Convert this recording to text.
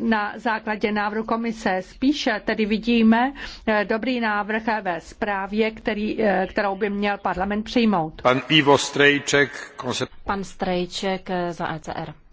na základě návrhu komise. Spíše tedy vidíme eh, dobrý návrh ve zprávě, který, eh, kterou by měl parlament přijmout. Pan Ivo Strejček, Pan Strejček eh, za ECR.